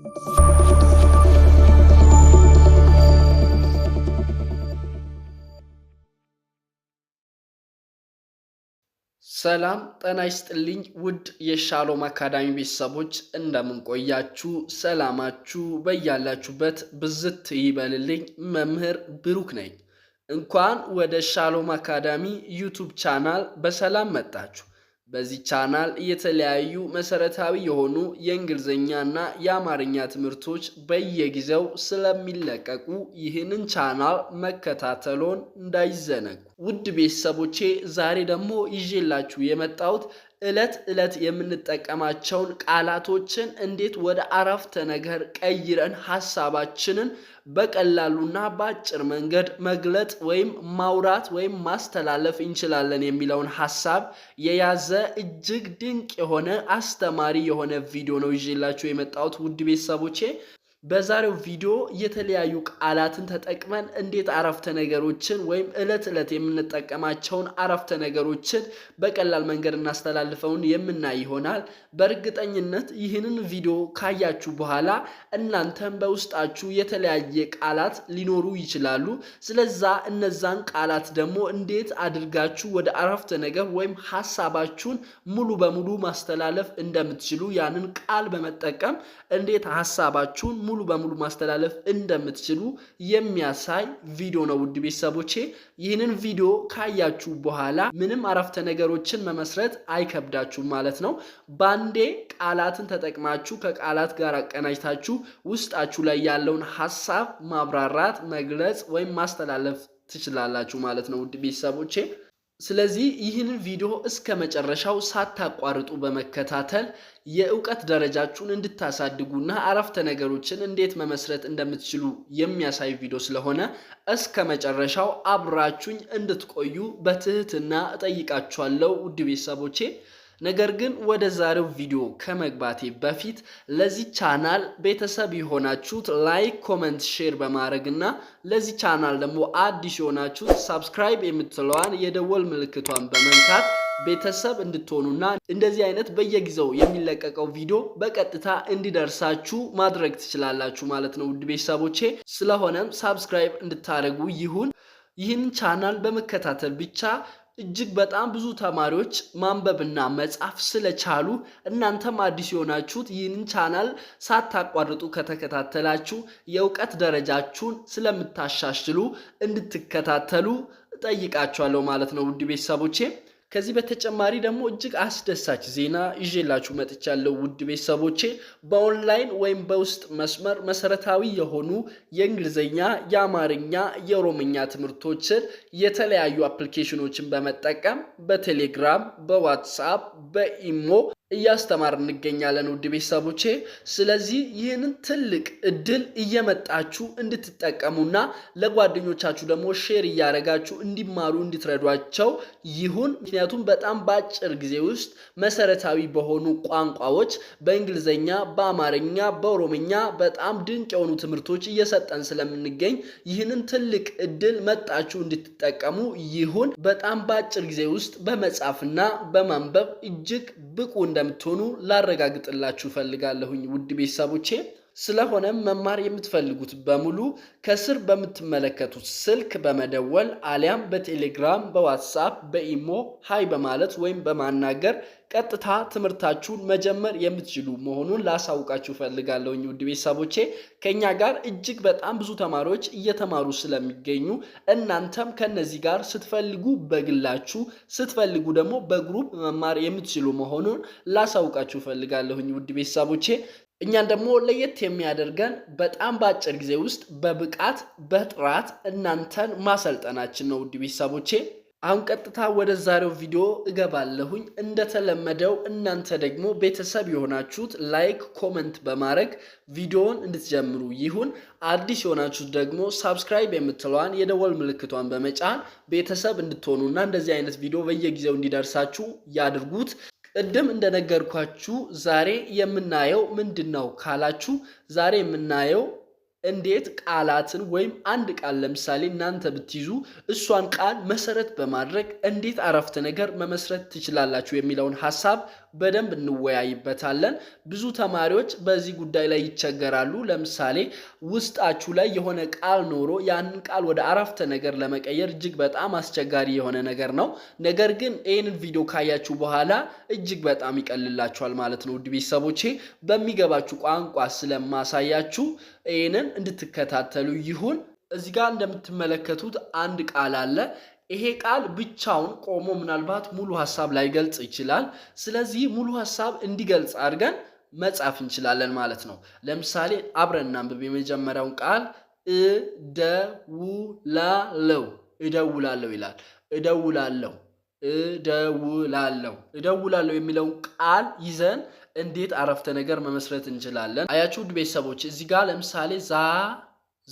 ሰላም ጤና ይስጥልኝ። ውድ የሻሎም አካዳሚ ቤተሰቦች እንደምንቆያችሁ፣ ሰላማችሁ በያላችሁበት ብዝት ይበልልኝ። መምህር ብሩክ ነኝ። እንኳን ወደ ሻሎም አካዳሚ ዩቱብ ቻናል በሰላም መጣችሁ። በዚህ ቻናል የተለያዩ መሰረታዊ የሆኑ የእንግሊዝኛ ና የአማርኛ ትምህርቶች በየጊዜው ስለሚለቀቁ ይህንን ቻናል መከታተሎን እንዳይዘነጉ። ውድ ቤተሰቦቼ ዛሬ ደግሞ ይዤላችሁ የመጣሁት እለት እለት የምንጠቀማቸውን ቃላቶችን እንዴት ወደ አረፍተ ነገር ቀይረን ሐሳባችንን በቀላሉና በአጭር መንገድ መግለጥ ወይም ማውራት ወይም ማስተላለፍ እንችላለን የሚለውን ሐሳብ የያዘ እጅግ ድንቅ የሆነ አስተማሪ የሆነ ቪዲዮ ነው ይዤላችሁ የመጣሁት ውድ ቤተሰቦቼ። በዛሬው ቪዲዮ የተለያዩ ቃላትን ተጠቅመን እንዴት አረፍተ ነገሮችን ወይም ዕለት ዕለት የምንጠቀማቸውን አረፍተ ነገሮችን በቀላል መንገድ እናስተላልፈውን የምናይ ይሆናል። በእርግጠኝነት ይህንን ቪዲዮ ካያችሁ በኋላ እናንተም በውስጣችሁ የተለያየ ቃላት ሊኖሩ ይችላሉ። ስለዛ እነዛን ቃላት ደግሞ እንዴት አድርጋችሁ ወደ አረፍተ ነገር ወይም ሀሳባችሁን ሙሉ በሙሉ ማስተላለፍ እንደምትችሉ ያንን ቃል በመጠቀም እንዴት ሀሳባችሁን ሙሉ በሙሉ ማስተላለፍ እንደምትችሉ የሚያሳይ ቪዲዮ ነው። ውድ ቤተሰቦቼ ይህንን ቪዲዮ ካያችሁ በኋላ ምንም አረፍተ ነገሮችን መመስረት አይከብዳችሁም ማለት ነው። ባንዴ ቃላትን ተጠቅማችሁ ከቃላት ጋር አቀናጅታችሁ ውስጣችሁ ላይ ያለውን ሀሳብ ማብራራት፣ መግለጽ ወይም ማስተላለፍ ትችላላችሁ ማለት ነው ውድ ቤተሰቦቼ ስለዚህ ይህንን ቪዲዮ እስከ መጨረሻው ሳታቋርጡ በመከታተል የእውቀት ደረጃችሁን እንድታሳድጉና አረፍተ ነገሮችን እንዴት መመስረት እንደምትችሉ የሚያሳይ ቪዲዮ ስለሆነ እስከ መጨረሻው አብራችሁኝ እንድትቆዩ በትህትና እጠይቃችኋለሁ ውድ ቤተሰቦቼ። ነገር ግን ወደ ዛሬው ቪዲዮ ከመግባቴ በፊት ለዚህ ቻናል ቤተሰብ የሆናችሁት ላይክ፣ ኮመንት፣ ሼር በማድረግ እና ለዚህ ቻናል ደግሞ አዲስ የሆናችሁት ሳብስክራይብ የምትለዋን የደወል ምልክቷን በመንካት ቤተሰብ እንድትሆኑና እንደዚህ አይነት በየጊዜው የሚለቀቀው ቪዲዮ በቀጥታ እንዲደርሳችሁ ማድረግ ትችላላችሁ ማለት ነው ውድ ቤተሰቦቼ። ስለሆነም ሳብስክራይብ እንድታደርጉ ይሁን። ይህን ቻናል በመከታተል ብቻ እጅግ በጣም ብዙ ተማሪዎች ማንበብና መጻፍ ስለቻሉ እናንተም አዲስ የሆናችሁት ይህንን ቻናል ሳታቋርጡ ከተከታተላችሁ የእውቀት ደረጃችሁን ስለምታሻሽሉ እንድትከታተሉ ጠይቃችኋለሁ ማለት ነው ውድ ቤተሰቦቼ። ከዚህ በተጨማሪ ደግሞ እጅግ አስደሳች ዜና ይዤላችሁ መጥቻለሁ ውድ ቤተሰቦቼ። በኦንላይን ወይም በውስጥ መስመር መሰረታዊ የሆኑ የእንግሊዝኛ፣ የአማርኛ፣ የኦሮምኛ ትምህርቶችን የተለያዩ አፕሊኬሽኖችን በመጠቀም በቴሌግራም፣ በዋትሳፕ፣ በኢሞ እያስተማር እንገኛለን ውድ ቤተሰቦቼ። ስለዚህ ይህንን ትልቅ እድል እየመጣችሁ እንድትጠቀሙና ለጓደኞቻችሁ ደግሞ ሼር እያደረጋችሁ እንዲማሩ እንድትረዷቸው ይሁን። ምክንያቱም በጣም በአጭር ጊዜ ውስጥ መሰረታዊ በሆኑ ቋንቋዎች በእንግሊዝኛ፣ በአማርኛ፣ በኦሮምኛ በጣም ድንቅ የሆኑ ትምህርቶች እየሰጠን ስለምንገኝ ይህንን ትልቅ እድል መጣችሁ እንድትጠቀሙ ይሁን። በጣም በአጭር ጊዜ ውስጥ በመጻፍና በማንበብ እጅግ ብቁ እንደ እንደምትሆኑ ላረጋግጥላችሁ ፈልጋለሁኝ ውድ ቤተሰቦቼ። ስለሆነም መማር የምትፈልጉት በሙሉ ከስር በምትመለከቱት ስልክ በመደወል አሊያም በቴሌግራም፣ በዋትሳፕ፣ በኢሞ ሀይ በማለት ወይም በማናገር ቀጥታ ትምህርታችሁን መጀመር የምትችሉ መሆኑን ላሳውቃችሁ ፈልጋለሁ። ውድ ቤተሰቦቼ ከእኛ ጋር እጅግ በጣም ብዙ ተማሪዎች እየተማሩ ስለሚገኙ እናንተም ከነዚህ ጋር ስትፈልጉ በግላችሁ ስትፈልጉ ደግሞ በግሩፕ መማር የምትችሉ መሆኑን ላሳውቃችሁ ፈልጋለሁኝ። ውድ ቤተሰቦቼ እኛን ደግሞ ለየት የሚያደርገን በጣም በአጭር ጊዜ ውስጥ በብቃት በጥራት እናንተን ማሰልጠናችን ነው። ውድ ቤተሰቦቼ አሁን ቀጥታ ወደ ዛሬው ቪዲዮ እገባለሁኝ። እንደተለመደው እናንተ ደግሞ ቤተሰብ የሆናችሁት ላይክ፣ ኮመንት በማድረግ ቪዲዮውን እንድትጀምሩ ይሁን። አዲስ የሆናችሁት ደግሞ ሳብስክራይብ የምትለዋን የደወል ምልክቷን በመጫን ቤተሰብ እንድትሆኑና እንደዚህ አይነት ቪዲዮ በየጊዜው እንዲደርሳችሁ ያድርጉት። ቅድም እንደነገርኳችሁ ዛሬ የምናየው ምንድን ነው ካላችሁ፣ ዛሬ የምናየው እንዴት ቃላትን ወይም አንድ ቃል ለምሳሌ እናንተ ብትይዙ እሷን ቃል መሰረት በማድረግ እንዴት አረፍተ ነገር መመስረት ትችላላችሁ የሚለውን ሀሳብ በደንብ እንወያይበታለን። ብዙ ተማሪዎች በዚህ ጉዳይ ላይ ይቸገራሉ። ለምሳሌ ውስጣችሁ ላይ የሆነ ቃል ኖሮ ያንን ቃል ወደ አረፍተ ነገር ለመቀየር እጅግ በጣም አስቸጋሪ የሆነ ነገር ነው። ነገር ግን ይህንን ቪዲዮ ካያችሁ በኋላ እጅግ በጣም ይቀልላችኋል ማለት ነው። ውድ ቤተሰቦቼ በሚገባችሁ ቋንቋ ስለማሳያችሁ ይህንን እንድትከታተሉ ይሁን። እዚህ ጋር እንደምትመለከቱት አንድ ቃል አለ። ይሄ ቃል ብቻውን ቆሞ ምናልባት ሙሉ ሀሳብ ላይገልጽ ይችላል። ስለዚህ ሙሉ ሀሳብ እንዲገልጽ አድርገን መጻፍ እንችላለን ማለት ነው። ለምሳሌ አብረን እናንብብ። የመጀመሪያውን ቃል እደውላለው፣ እደውላለው ይላል። እደውላለው፣ እደውላለው፣ እደውላለው የሚለውን ቃል ይዘን እንዴት አረፍተ ነገር መመስረት እንችላለን? አያችሁ ውድ ቤተሰቦች፣ እዚህ ጋር ለምሳሌ ዛ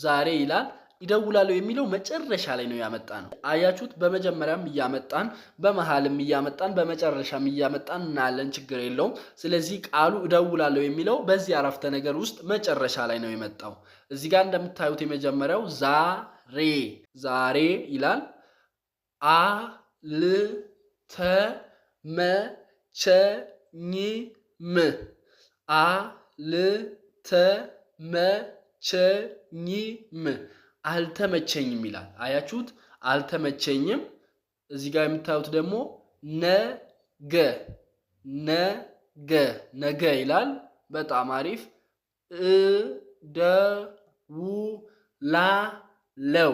ዛሬ ይላል ይደውላሉ የሚለው መጨረሻ ላይ ነው ያመጣ ነው። አያችሁት? በመጀመሪያም እያመጣን በመሀልም እያመጣን በመጨረሻም እያመጣን እናያለን። ችግር የለውም። ስለዚህ ቃሉ እደውላለሁ የሚለው በዚህ አረፍተ ነገር ውስጥ መጨረሻ ላይ ነው የመጣው። እዚህ ጋር እንደምታዩት የመጀመሪያው ዛሬ ዛሬ ይላል። አልተመቸኝም አልተመቸኝም አልተመቸኝም ይላል። አያችሁት? አልተመቸኝም። እዚህ ጋር የምታዩት ደግሞ ነገ ነገ ነገ ይላል። በጣም አሪፍ እደውላለው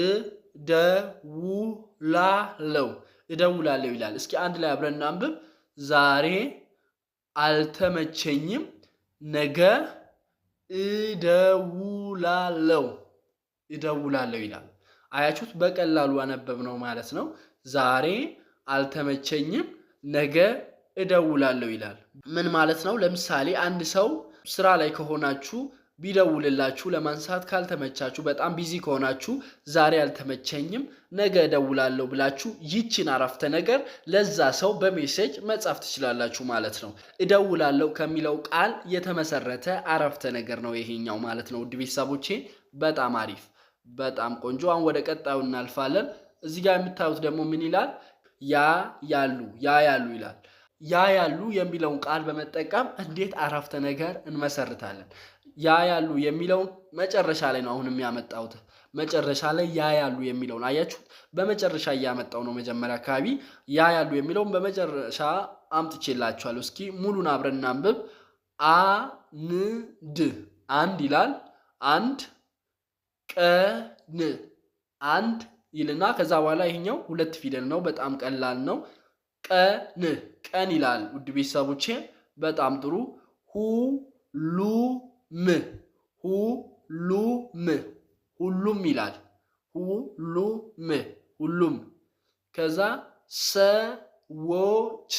እደውላለው እደውላለው ይላል። እስኪ አንድ ላይ አብረን እናንብብ። ዛሬ አልተመቸኝም፣ ነገ እደውላለው እደውላለሁ ይላል። አያችሁት? በቀላሉ አነበብነው ማለት ነው። ዛሬ አልተመቸኝም፣ ነገ እደውላለሁ ይላል። ምን ማለት ነው? ለምሳሌ አንድ ሰው ስራ ላይ ከሆናችሁ ቢደውልላችሁ ለማንሳት ካልተመቻችሁ፣ በጣም ቢዚ ከሆናችሁ ዛሬ አልተመቸኝም ነገ እደውላለሁ ብላችሁ ይችን አረፍተ ነገር ለዛ ሰው በሜሴጅ መጻፍ ትችላላችሁ ማለት ነው። እደውላለሁ ከሚለው ቃል የተመሰረተ አረፍተ ነገር ነው ይሄኛው ማለት ነው። ውድ ቤተሰቦቼ በጣም አሪፍ በጣም ቆንጆ። አሁን ወደ ቀጣዩ እናልፋለን። እዚህ ጋር የምታዩት ደግሞ ምን ይላል? ያ ያሉ ያ ያሉ ይላል። ያ ያሉ የሚለውን ቃል በመጠቀም እንዴት አረፍተ ነገር እንመሰርታለን? ያ ያሉ የሚለውን መጨረሻ ላይ ነው አሁን የሚያመጣውት መጨረሻ ላይ ያ ያሉ የሚለውን አያችሁት? በመጨረሻ እያመጣው ነው። መጀመሪያ አካባቢ ያ ያሉ የሚለውን በመጨረሻ አምጥቼላችኋለሁ። እስኪ ሙሉን አብረን እናንብብ። አንድ አንድ ይላል አንድ ቀን አንድ ይልና ከዛ በኋላ ይሄኛው ሁለት ፊደል ነው። በጣም ቀላል ነው። ቀን ቀን ይላል። ውድ ቤተሰቦቼ በጣም ጥሩ። ሁሉም ሁሉም ሁሉም ይላል። ሁሉም ሁሉም። ከዛ ሰዎች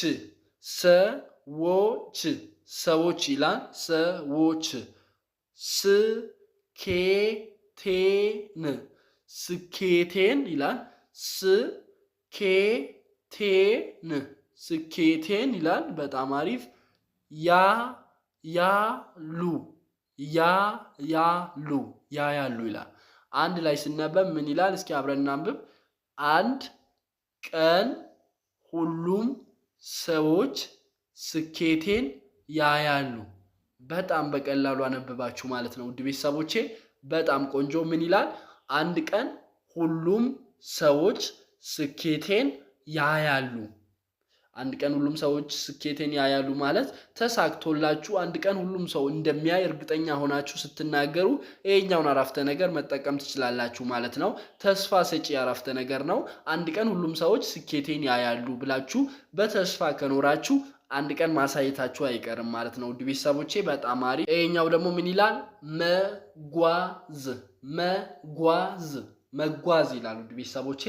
ሰዎች ሰዎች ይላል። ሰዎች ስኬ ቴን ስኬቴን ይላል። ስኬቴን ስኬቴን ይላል። በጣም አሪፍ። ያ ያሉ ያ ያሉ ያ ያሉ ይላል። አንድ ላይ ስነበብ ምን ይላል? እስኪ አብረን እናንብብ። አንድ ቀን ሁሉም ሰዎች ስኬቴን ያያሉ። በጣም በቀላሉ አነብባችሁ ማለት ነው ውድ ቤተሰቦቼ። በጣም ቆንጆ ምን ይላል? አንድ ቀን ሁሉም ሰዎች ስኬቴን ያያሉ። አንድ ቀን ሁሉም ሰዎች ስኬቴን ያያሉ ማለት ተሳክቶላችሁ አንድ ቀን ሁሉም ሰው እንደሚያይ እርግጠኛ ሆናችሁ ስትናገሩ ይሄኛውን አረፍተ ነገር መጠቀም ትችላላችሁ ማለት ነው። ተስፋ ሰጪ አረፍተ ነገር ነው። አንድ ቀን ሁሉም ሰዎች ስኬቴን ያያሉ ብላችሁ በተስፋ ከኖራችሁ አንድ ቀን ማሳየታችሁ አይቀርም ማለት ነው። ውድ ቤተሰቦቼ በጣም አሪፍ። ይሄኛው ደግሞ ምን ይላል? መጓዝ መጓዝ መጓዝ ይላል። ውድ ቤተሰቦቼ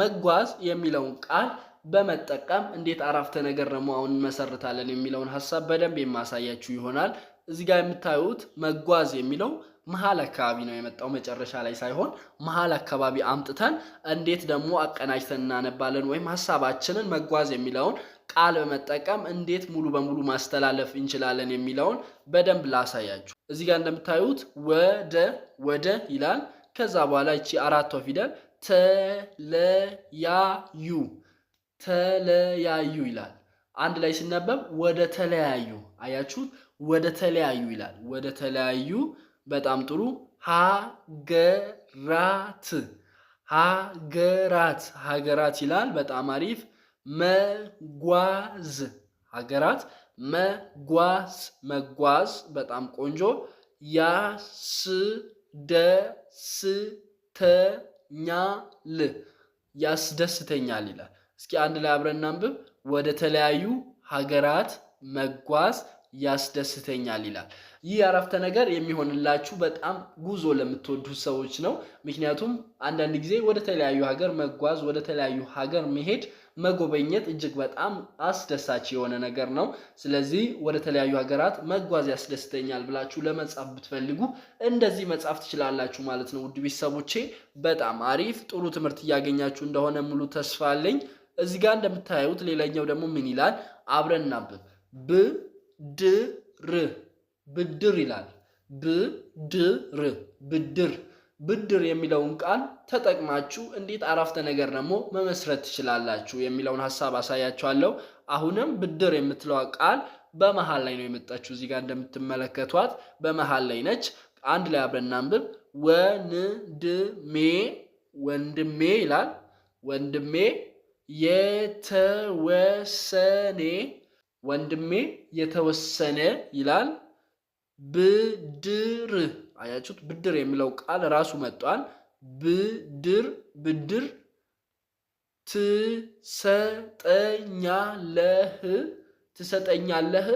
መጓዝ የሚለውን ቃል በመጠቀም እንዴት አረፍተ ነገር ደግሞ አሁን እንመሰርታለን የሚለውን ሀሳብ በደንብ የማሳያችሁ ይሆናል። እዚህ ጋር የምታዩት መጓዝ የሚለው መሀል አካባቢ ነው የመጣው መጨረሻ ላይ ሳይሆን መሀል አካባቢ አምጥተን እንዴት ደግሞ አቀናጅተን እናነባለን ወይም ሀሳባችንን መጓዝ የሚለውን ቃል በመጠቀም እንዴት ሙሉ በሙሉ ማስተላለፍ እንችላለን የሚለውን በደንብ ላሳያችሁ። እዚህ ጋር እንደምታዩት ወደ ወደ ይላል። ከዛ በኋላ እቺ አራቷ ፊደል ተለያዩ ተለያዩ ይላል። አንድ ላይ ሲነበብ ወደ ተለያዩ። አያችሁት? ወደ ተለያዩ ይላል። ወደ ተለያዩ። በጣም ጥሩ። ሀገራት ሀገራት ሀገራት ይላል። በጣም አሪፍ መጓዝ ሀገራት መጓዝ መጓዝ በጣም ቆንጆ ያስደስተኛል ያስደስተኛል ይላል። እስኪ አንድ ላይ አብረን እናንብብ። ወደ ተለያዩ ሀገራት መጓዝ ያስደስተኛል ይላል። ይህ አረፍተ ነገር የሚሆንላችሁ በጣም ጉዞ ለምትወዱ ሰዎች ነው። ምክንያቱም አንዳንድ ጊዜ ወደ ተለያዩ ሀገር መጓዝ፣ ወደ ተለያዩ ሀገር መሄድ መጎበኘት እጅግ በጣም አስደሳች የሆነ ነገር ነው። ስለዚህ ወደ ተለያዩ ሀገራት መጓዝ ያስደስተኛል ብላችሁ ለመጻፍ ብትፈልጉ እንደዚህ መጻፍ ትችላላችሁ ማለት ነው። ውድ ቤተሰቦቼ በጣም አሪፍ ጥሩ ትምህርት እያገኛችሁ እንደሆነ ሙሉ ተስፋ አለኝ። እዚህ ጋር እንደምታዩት ሌላኛው ደግሞ ምን ይላል? አብረን እናንብብ። ብድር ብድር ይላል። ብድር ብድር ብድር የሚለውን ቃል ተጠቅማችሁ እንዴት አረፍተ ነገር ደግሞ መመስረት ትችላላችሁ የሚለውን ሀሳብ አሳያችኋለሁ። አሁንም ብድር የምትለዋ ቃል በመሀል ላይ ነው የመጣችሁ። እዚህ ጋር እንደምትመለከቷት በመሀል ላይ ነች። አንድ ላይ አብረን እናንብብ። ወንድሜ ወንድሜ ይላል። ወንድሜ የተወሰኔ ወንድሜ የተወሰነ ይላል ብድር አያችሁት? ብድር የሚለው ቃል ራሱ መጥቷል። ብድር ብድር ትሰጠኛለህ ትሰጠኛለህ።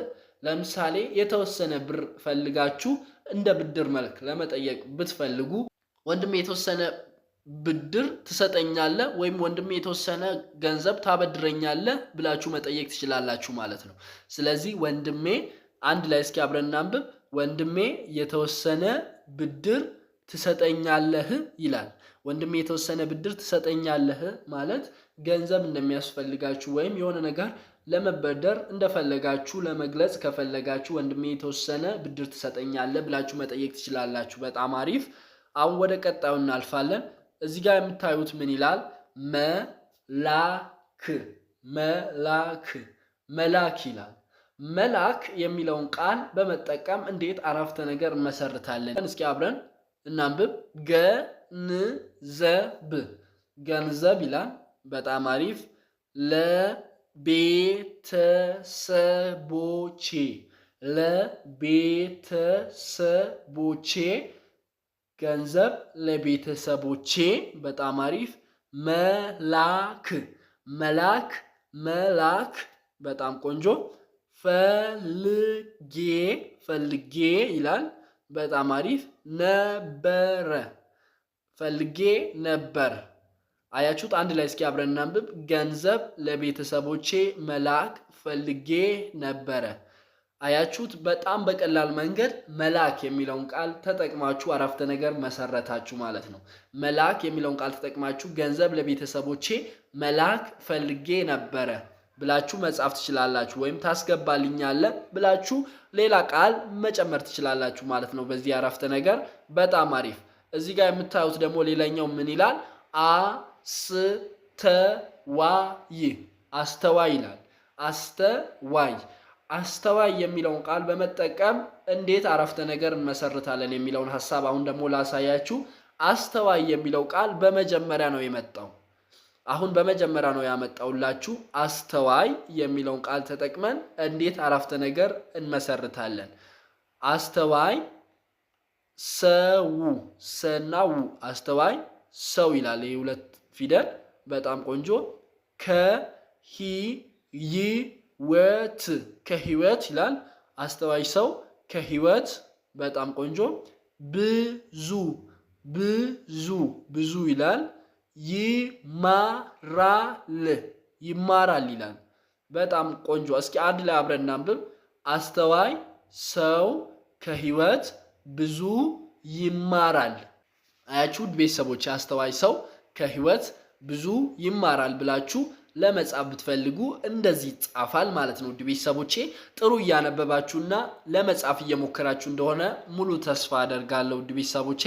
ለምሳሌ የተወሰነ ብር ፈልጋችሁ እንደ ብድር መልክ ለመጠየቅ ብትፈልጉ ወንድሜ የተወሰነ ብድር ትሰጠኛለህ ወይም ወንድሜ የተወሰነ ገንዘብ ታበድረኛለህ ብላችሁ መጠየቅ ትችላላችሁ ማለት ነው። ስለዚህ ወንድሜ አንድ ላይ እስኪ አብረን እናንብብ። ወንድሜ የተወሰነ ብድር ትሰጠኛለህ ይላል። ወንድሜ የተወሰነ ብድር ትሰጠኛለህ ማለት ገንዘብ እንደሚያስፈልጋችሁ ወይም የሆነ ነገር ለመበደር እንደፈለጋችሁ ለመግለጽ ከፈለጋችሁ ወንድሜ የተወሰነ ብድር ትሰጠኛለህ ብላችሁ መጠየቅ ትችላላችሁ። በጣም አሪፍ። አሁን ወደ ቀጣዩ እናልፋለን። እዚህ ጋር የምታዩት ምን ይላል? መላክ መላክ መላክ ይላል። መልአክ የሚለውን ቃል በመጠቀም እንዴት አረፍተ ነገር እንመሰርታለን? እስኪ አብረን እናንብብ። ገንዘብ ገንዘብ ይላል። በጣም አሪፍ። ለቤተሰቦቼ ለቤተሰቦቼ ገንዘብ ለቤተሰቦቼ። በጣም አሪፍ። መላክ መላክ መላክ። በጣም ቆንጆ ፈልጌ ፈልጌ ይላል። በጣም አሪፍ ነበረ ፈልጌ ነበር። አያችሁት? አንድ ላይ እስኪ አብረን እናንብብ። ገንዘብ ለቤተሰቦቼ መላክ ፈልጌ ነበረ። አያችሁት? በጣም በቀላል መንገድ መላክ የሚለውን ቃል ተጠቅማችሁ አረፍተ ነገር መሰረታችሁ ማለት ነው። መላክ የሚለውን ቃል ተጠቅማችሁ ገንዘብ ለቤተሰቦቼ መላክ ፈልጌ ነበረ ብላችሁ መጻፍ ትችላላችሁ፣ ወይም ታስገባልኛለ ብላችሁ ሌላ ቃል መጨመር ትችላላችሁ ማለት ነው። በዚህ አረፍተ ነገር በጣም አሪፍ። እዚህ ጋር የምታዩት ደግሞ ሌላኛው ምን ይላል? አስተዋይ አስተዋይ ይላል። አስተዋይ አስተዋይ የሚለውን ቃል በመጠቀም እንዴት አረፍተ ነገር እንመሰርታለን የሚለውን ሀሳብ አሁን ደግሞ ላሳያችሁ። አስተዋይ የሚለው ቃል በመጀመሪያ ነው የመጣው አሁን በመጀመሪያ ነው ያመጣውላችሁ አስተዋይ የሚለውን ቃል ተጠቅመን እንዴት አረፍተ ነገር እንመሰርታለን። አስተዋይ ሰው ሰና ው አስተዋይ ሰው ይላል። የሁለት ፊደል በጣም ቆንጆ። ከሂይወት ከህይወት ይላል። አስተዋይ ሰው ከህይወት በጣም ቆንጆ። ብዙ ብዙ ብዙ ይላል ይማራል ይማራል ይላል። በጣም ቆንጆ። እስኪ አንድ ላይ አብረን እናንብብ። አስተዋይ ሰው ከህይወት ብዙ ይማራል። አያችሁ ቤተሰቦች፣ አስተዋይ ሰው ከህይወት ብዙ ይማራል ብላችሁ ለመጻፍ ብትፈልጉ እንደዚህ ይጻፋል ማለት ነው። ቤተሰቦቼ ጥሩ እያነበባችሁና ለመጻፍ እየሞከራችሁ እንደሆነ ሙሉ ተስፋ አደርጋለሁ። ቤተሰቦቼ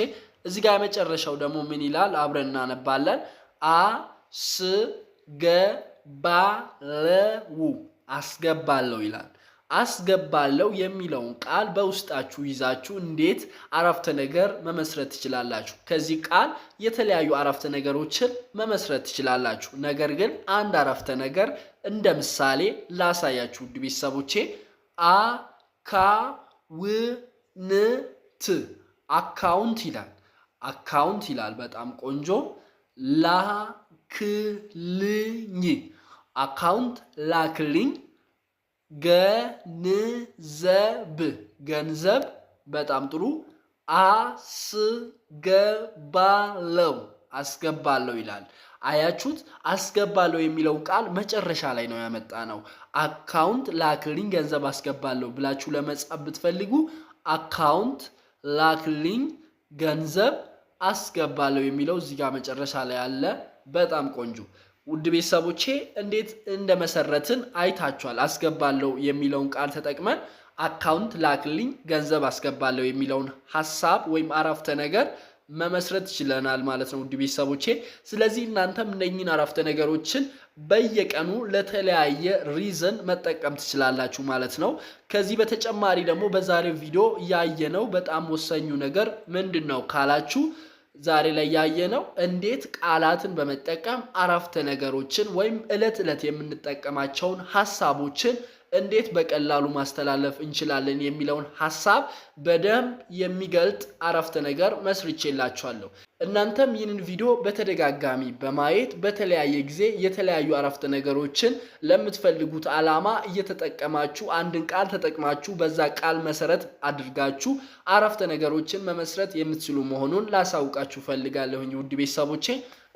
እዚህ ጋር የመጨረሻው ደግሞ ምን ይላል? አብረን እናነባለን። አስገባለው አስገባለው ይላል። አስገባለው የሚለውን ቃል በውስጣችሁ ይዛችሁ እንዴት አረፍተ ነገር መመስረት ትችላላችሁ? ከዚህ ቃል የተለያዩ አረፍተ ነገሮችን መመስረት ትችላላችሁ። ነገር ግን አንድ አረፍተ ነገር እንደ ምሳሌ ላሳያችሁ ውድ ቤተሰቦቼ። አካውንት አካውንት ይላል አካውንት ይላል። በጣም ቆንጆ ላክልኝ፣ አካውንት ላክልኝ። ገንዘብ ገንዘብ፣ በጣም ጥሩ አስገባለው አስገባለው ይላል። አያችሁት? አስገባለው የሚለው ቃል መጨረሻ ላይ ነው ያመጣ ነው። አካውንት ላክልኝ ገንዘብ አስገባለሁ ብላችሁ ለመጻፍ ብትፈልጉ አካውንት ላክልኝ ገንዘብ አስገባለሁ የሚለው እዚህ ጋር መጨረሻ ላይ ያለ በጣም ቆንጆ ውድ ቤተሰቦቼ እንዴት እንደመሰረትን አይታችኋል። አስገባለሁ የሚለውን ቃል ተጠቅመን አካውንት ላክልኝ፣ ገንዘብ አስገባለሁ የሚለውን ሀሳብ ወይም አረፍተ ነገር መመስረት ችለናል ማለት ነው ውድ ቤተሰቦቼ። ስለዚህ እናንተም እነኝን አረፍተ ነገሮችን በየቀኑ ለተለያየ ሪዝን መጠቀም ትችላላችሁ ማለት ነው። ከዚህ በተጨማሪ ደግሞ በዛሬው ቪዲዮ ያየነው በጣም ወሳኙ ነገር ምንድን ነው ካላችሁ ዛሬ ላይ ያየነው እንዴት ቃላትን በመጠቀም አረፍተ ነገሮችን ወይም ዕለት ዕለት የምንጠቀማቸውን ሀሳቦችን እንዴት በቀላሉ ማስተላለፍ እንችላለን የሚለውን ሀሳብ በደንብ የሚገልጥ አረፍተ ነገር መስርቼላችኋለሁ። እናንተም ይህንን ቪዲዮ በተደጋጋሚ በማየት በተለያየ ጊዜ የተለያዩ አረፍተ ነገሮችን ለምትፈልጉት ዓላማ እየተጠቀማችሁ አንድን ቃል ተጠቅማችሁ በዛ ቃል መሰረት አድርጋችሁ አረፍተ ነገሮችን መመስረት የምትችሉ መሆኑን ላሳውቃችሁ ፈልጋለሁኝ ውድ ቤተሰቦቼ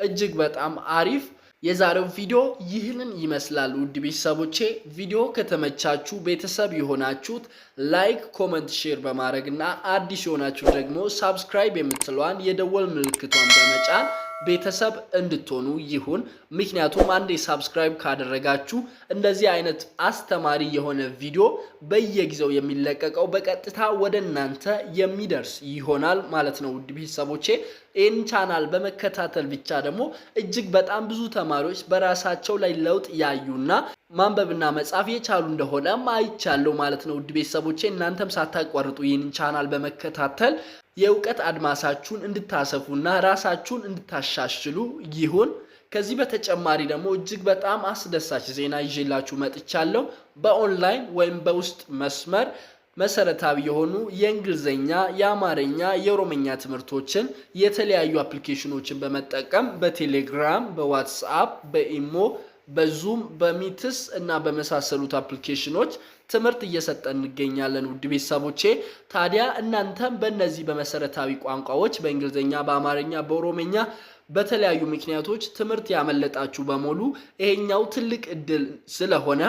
እጅግ በጣም አሪፍ የዛሬው ቪዲዮ ይህንን ይመስላል። ውድ ቤተሰቦቼ ቪዲዮ ከተመቻችሁ ቤተሰብ የሆናችሁት ላይክ፣ ኮመንት፣ ሼር በማድረግ እና አዲስ የሆናችሁ ደግሞ ሳብስክራይብ የምትለዋን የደወል ምልክቷን በመጫን ቤተሰብ እንድትሆኑ ይሁን። ምክንያቱም አንዴ ሳብስክራይብ ካደረጋችሁ እንደዚህ አይነት አስተማሪ የሆነ ቪዲዮ በየጊዜው የሚለቀቀው በቀጥታ ወደ እናንተ የሚደርስ ይሆናል ማለት ነው ውድ ቤተሰቦቼ ይህን ቻናል በመከታተል ብቻ ደግሞ እጅግ በጣም ብዙ ተማሪዎች በራሳቸው ላይ ለውጥ ያዩና ማንበብና መጻፍ የቻሉ እንደሆነ አይቻለሁ ማለት ነው። ውድ ቤተሰቦቼ እናንተም ሳታቋርጡ ይህንን ቻናል በመከታተል የእውቀት አድማሳችሁን እንድታሰፉና ራሳችሁን እንድታሻሽሉ ይሁን። ከዚህ በተጨማሪ ደግሞ እጅግ በጣም አስደሳች ዜና ይዤላችሁ መጥቻለሁ። በኦንላይን ወይም በውስጥ መስመር መሰረታዊ የሆኑ የእንግሊዝኛ፣ የአማርኛ፣ የኦሮምኛ ትምህርቶችን የተለያዩ አፕሊኬሽኖችን በመጠቀም በቴሌግራም፣ በዋትስአፕ፣ በኢሞ፣ በዙም፣ በሚትስ እና በመሳሰሉት አፕሊኬሽኖች ትምህርት እየሰጠን እንገኛለን። ውድ ቤተሰቦቼ ታዲያ እናንተም በእነዚህ በመሰረታዊ ቋንቋዎች በእንግሊዝኛ፣ በአማርኛ፣ በኦሮምኛ በተለያዩ ምክንያቶች ትምህርት ያመለጣችሁ በሙሉ ይሄኛው ትልቅ እድል ስለሆነ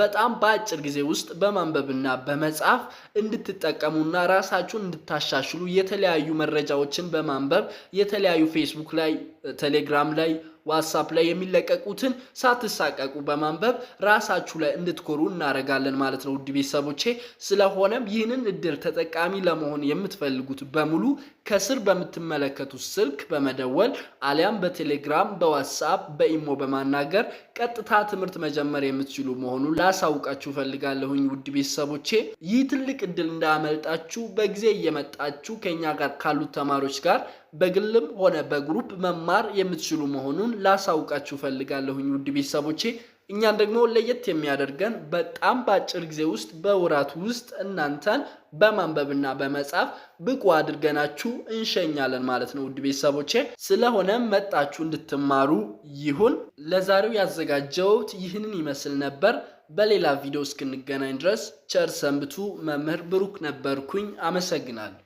በጣም በአጭር ጊዜ ውስጥ በማንበብና በመጻፍ እንድትጠቀሙና ራሳችሁን እንድታሻሽሉ የተለያዩ መረጃዎችን በማንበብ የተለያዩ ፌስቡክ ላይ፣ ቴሌግራም ላይ ዋትሳፕ ላይ የሚለቀቁትን ሳትሳቀቁ በማንበብ ራሳችሁ ላይ እንድትኮሩ እናደርጋለን ማለት ነው ውድ ቤተሰቦቼ። ስለሆነም ይህንን እድል ተጠቃሚ ለመሆን የምትፈልጉት በሙሉ ከስር በምትመለከቱት ስልክ በመደወል አሊያም በቴሌግራም፣ በዋትሳፕ፣ በኢሞ በማናገር ቀጥታ ትምህርት መጀመር የምትችሉ መሆኑን ላሳውቃችሁ ፈልጋለሁኝ። ውድ ቤተሰቦቼ ይህ ትልቅ እድል እንዳመልጣችሁ በጊዜ እየመጣችሁ ከኛ ጋር ካሉት ተማሪዎች ጋር በግልም ሆነ በግሩፕ መማር የምትችሉ መሆኑን ላሳውቃችሁ ፈልጋለሁኝ። ውድ ቤተሰቦቼ እኛን ደግሞ ለየት የሚያደርገን በጣም በአጭር ጊዜ ውስጥ በወራት ውስጥ እናንተን በማንበብና በመጻፍ ብቁ አድርገናችሁ እንሸኛለን ማለት ነው ውድ ቤተሰቦቼ። ስለሆነ መጣችሁ እንድትማሩ ይሁን። ለዛሬው ያዘጋጀውት ይህንን ይመስል ነበር። በሌላ ቪዲዮ እስክንገናኝ ድረስ ቸር ሰንብቱ። መምህር ብሩክ ነበርኩኝ። አመሰግናለሁ።